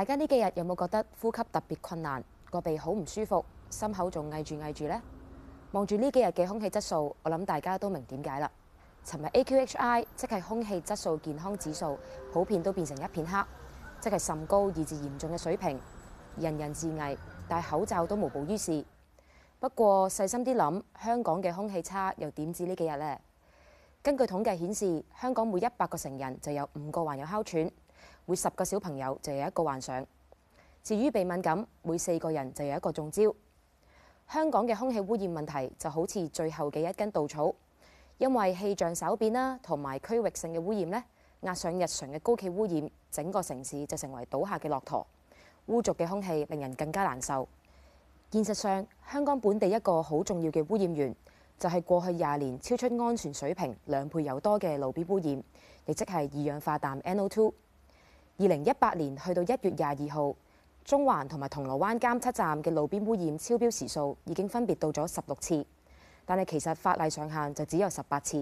大家呢幾日有冇覺得呼吸特別困難，個鼻好唔舒服，心口仲翳住翳住呢？望住呢幾日嘅空氣質素，我諗大家都明點解啦。尋日 AQHI 即係空氣質素健康指數，普遍都變成一片黑，即係甚高以至嚴重嘅水平，人人自危，戴口罩都無補於事。不過細心啲諗，香港嘅空氣差又點止呢幾日呢？根據統計顯示，香港每一百個成人就有五個患有哮喘。每十個小朋友就有一個幻想。至於鼻敏感，每四個人就有一個中招。香港嘅空氣污染問題就好似最後嘅一根稻草，因為氣象稍變啦，同埋區域性嘅污染呢，壓上日常嘅高企污染，整個城市就成為倒下嘅駱駝。污濁嘅空氣令人更加難受。現實上，香港本地一個好重要嘅污染源就係、是、過去廿年超出安全水平兩倍有多嘅路邊污染，亦即係二氧化氮 （NO₂）。二零一八年去到一月廿二號，中環同埋銅鑼灣監測站嘅路邊污染超標時數已經分別到咗十六次，但係其實法例上限就只有十八次。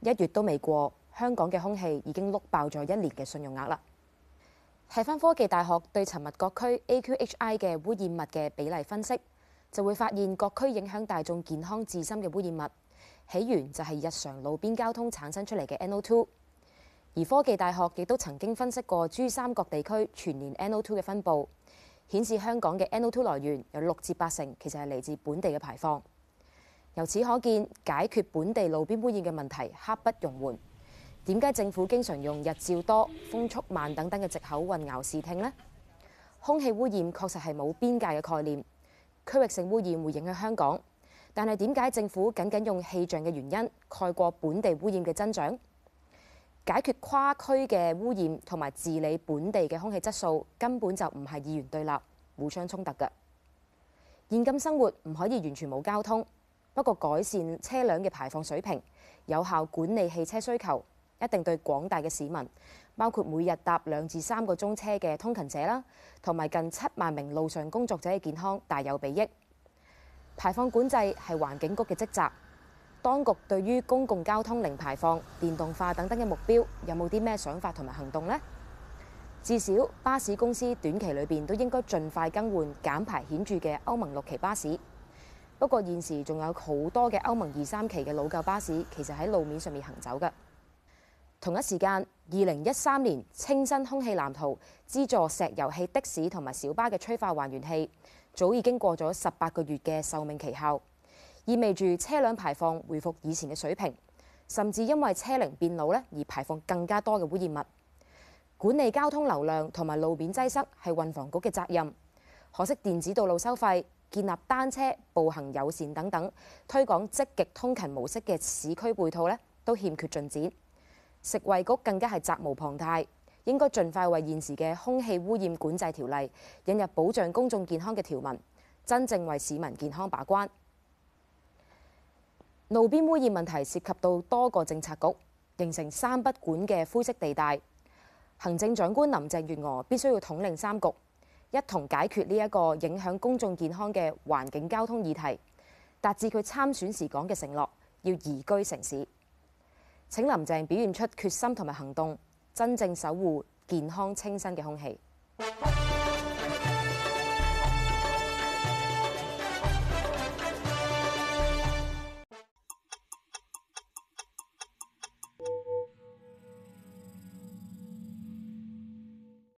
一月都未過，香港嘅空氣已經碌爆咗一年嘅信用額啦。睇返科技大學對尋日各區 AQHI 嘅污染物嘅比例分析，就會發現各區影響大眾健康至深嘅污染物起源就係日常路邊交通產生出嚟嘅 NO2。而科技大學亦都曾經分析過珠三角地區全年 NO2 嘅分布，顯示香港嘅 NO2 來源有六至八成其實係嚟自本地嘅排放。由此可見，解決本地路邊污染嘅問題刻不容緩。點解政府經常用日照多、風速慢等等嘅藉口混淆視聽呢？空氣污染確實係冇邊界嘅概念，區域性污染會影響香港，但係點解政府僅僅用氣象嘅原因蓋過本地污染嘅增長？解決跨區嘅污染同埋治理本地嘅空氣質素，根本就唔係二元對立、互相衝突嘅。現今生活唔可以完全冇交通，不過改善車輛嘅排放水平、有效管理汽車需求，一定對廣大嘅市民，包括每日搭兩至三個鐘車嘅通勤者啦，同埋近七萬名路上工作者嘅健康大有裨益。排放管制係環境局嘅職責。當局對於公共交通零排放、電動化等等嘅目標，有冇啲咩想法同埋行動呢？至少巴士公司短期裏面都應該盡快更換減排顯著嘅歐盟六期巴士。不過現時仲有好多嘅歐盟二三期嘅老舊巴士，其實喺路面上面行走嘅。同一時間，二零一三年清新空氣藍圖資助石油氣的士同埋小巴嘅催化還原器，早已經過咗十八個月嘅壽命期後。意味住車輛排放回復以前嘅水平，甚至因為車齡變老呢而排放更加多嘅污染物。管理交通流量同埋路面擠塞係運房局嘅責任。可惜電子道路收費、建立單車步行友善等等，推廣積極通勤模式嘅市區配套呢都欠缺進展。食衞局更加係責無旁貸，應該盡快為現時嘅空氣污染管制條例引入保障公眾健康嘅條文，真正為市民健康把關。路邊污染問題涉及到多個政策局，形成三不管嘅灰色地帶。行政長官林鄭月娥必須要統領三局，一同解決呢一個影響公眾健康嘅環境交通議題，達至佢參選時講嘅承諾，要宜居城市。請林鄭表現出決心同埋行動，真正守護健康清新嘅空氣。